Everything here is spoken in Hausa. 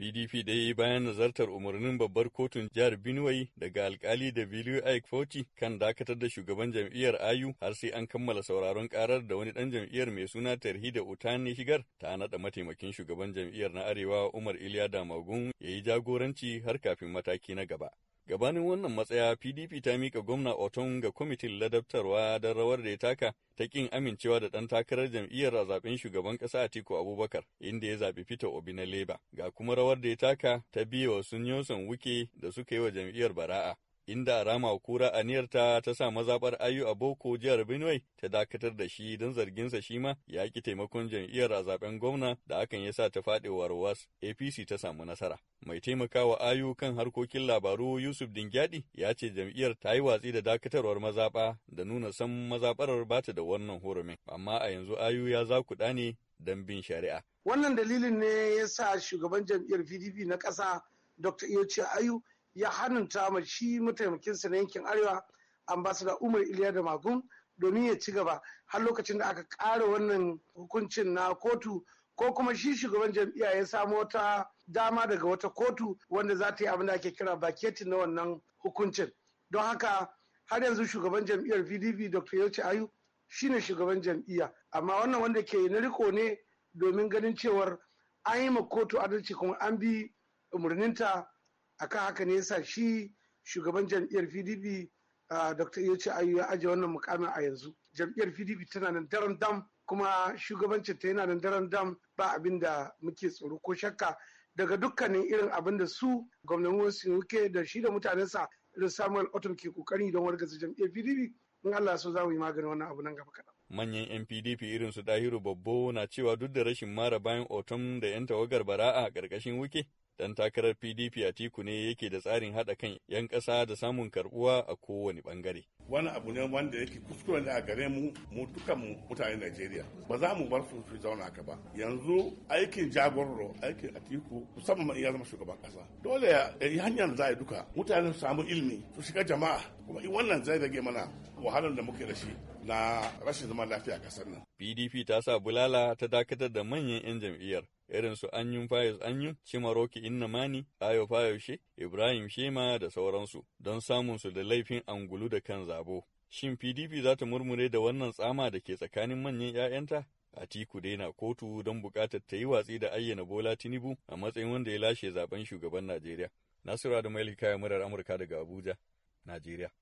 PDP da yi bayan nazartar umarnin babbar kotun jihar Benue daga alkali da Bilu Ike kan dakatar da shugaban jam'iyyar Ayu har sai an kammala sauraron karar da wani dan jam'iyyar mai suna Tarhida Utani shigar ta nada mataimakin shugaban jam'iyyar na Arewa Umar Iliya Damagun ya yi jagoranci har kafin mataki na gaba. Gabanin wannan matsaya PDP ta mika gwamna Oton ga kwamitin ladabtarwa don rawar da ya taka ta kin amincewa da ɗan takarar jam'iyyar a zaben shugaban ƙasa Atiku Abubakar inda ya zaɓi Peter Obi na Leba. Ga kuma rawar da ya taka ta biya wa Sunyoson wuke da suka yi wa jam'iyyar Bara'a inda Rama Kura aniyarta ta sa mazaɓar Ayu a Boko jihar Benue ta dakatar da shi don zarginsa shi ma ya ki taimakon jam'iyyar a zaben gwamna da hakan ya sa ta faɗi warwas APC ta samu nasara. Mai taimakawa Ayu kan harkokin labaru Yusuf Dingyadi ya ce jam'iyyar ta yi watsi da dakatarwar mazaɓa da nuna san mazaɓarar ba ta da wannan hurumin, amma a yanzu Ayu ya za ku ne don bin shari'a. Wannan dalilin ne ya sa shugaban jam'iyyar PDP na ƙasa Dr. Iyoci Ayu ya hannunta ma shi mataimakinsa na yankin arewa ambasada umar iliya da magun domin ya ci gaba har lokacin da aka kara wannan hukuncin na kotu ko kuma shi shugaban jam'iyya ya samu wata dama daga wata kotu wanda za ta yi abin da ake kira baketi na wannan hukuncin don haka har yanzu shugaban jam'iyyar pdp dr yauci ayu shine shugaban jam'iyya amma wannan wanda ke na riko ne domin ganin cewar an yi ma kotu adalci kuma an bi umarninta akan haka ne yasa shi shugaban jam'iyyar pdp dr ya ce ya aje wannan mukamin a yanzu jam'iyyar pdp tana nan daren dam kuma shugabancin ta yana nan daren dam ba abin da muke tsoro ko shakka daga dukkanin irin abin da su wasu sinuke da shi da mutanensa irin samuel otom ke kokari don wargaza jam'iyyar pdp in allah so za mu yi maganin wannan abu nan gaba kaɗan. manyan 'yan pdp irin su dahiru babbo na cewa duk da rashin mara bayan otom da 'yan tawagar bara'a a ƙarƙashin wuke Dan takarar PDP a tiku ne yake da tsarin haɗa kan 'yan ƙasa da samun karbuwa a kowane ɓangare. Wani abu ne wanda yake kuskure ne a gare mu mu dukan mutanen Najeriya. Ba za mu bar su su zauna ka ba. Yanzu aikin jagororo aikin a tiku musamman ya zama shugaban ƙasa. Dole ya hanyar za a duka mutane su samu ilimi su shiga jama'a kuma wannan zai rage mana wahalar da muke da shi na rashin zaman lafiya a ƙasar nan. PDP ta sa bulala ta dakatar da manyan 'yan jam'iyyar irin su Anyun Fayez Anyun, inna mani Ayo Fayoshe, Ibrahim Shema da sauransu don samun su da laifin angulu da kan zabo. Shin PDP za ta murmure da wannan tsama da ke tsakanin manyan 'ya'yanta? a dai na kotu don bukatar ta yi watsi da ayyana Bola Tinubu a matsayin wanda ya lashe zaben shugaban Najeriya. Nasiru Adamu Elhikaya murar Amurka daga Abuja, Najeriya.